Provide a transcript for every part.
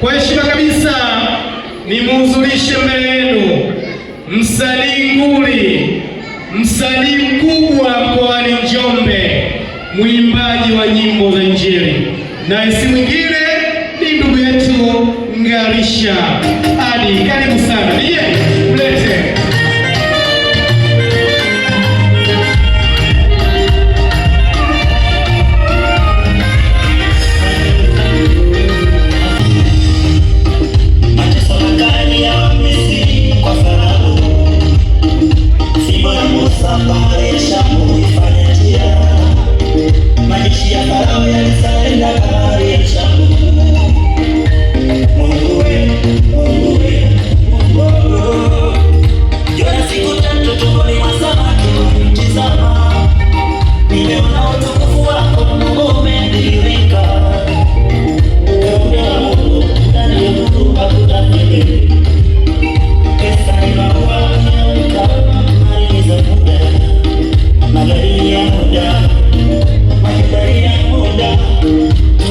Kwa heshima kabisa nimuhudhurishe mbele yenu msanii nguli, msanii mkubwa mkoani Njombe, mwimbaji wa nyimbo za Injili, na si mwingine ni ndugu yetu Ngalisha Adi.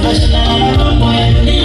Cause now I'm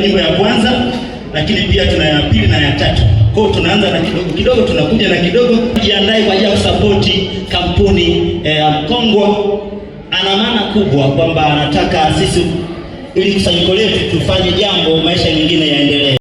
Nyimbo ya kwanza lakini pia tuna ya pili na ya tatu. Kwa hiyo tunaanza na kidogo kidogo, tunakuja na kidogo. Jiandae kwa ajili ya kusapoti kampuni eh, ya eh, Ana maana kubwa kwamba anataka sisi ili kusanyiko letu tufanye jambo, maisha mengine yaendelee.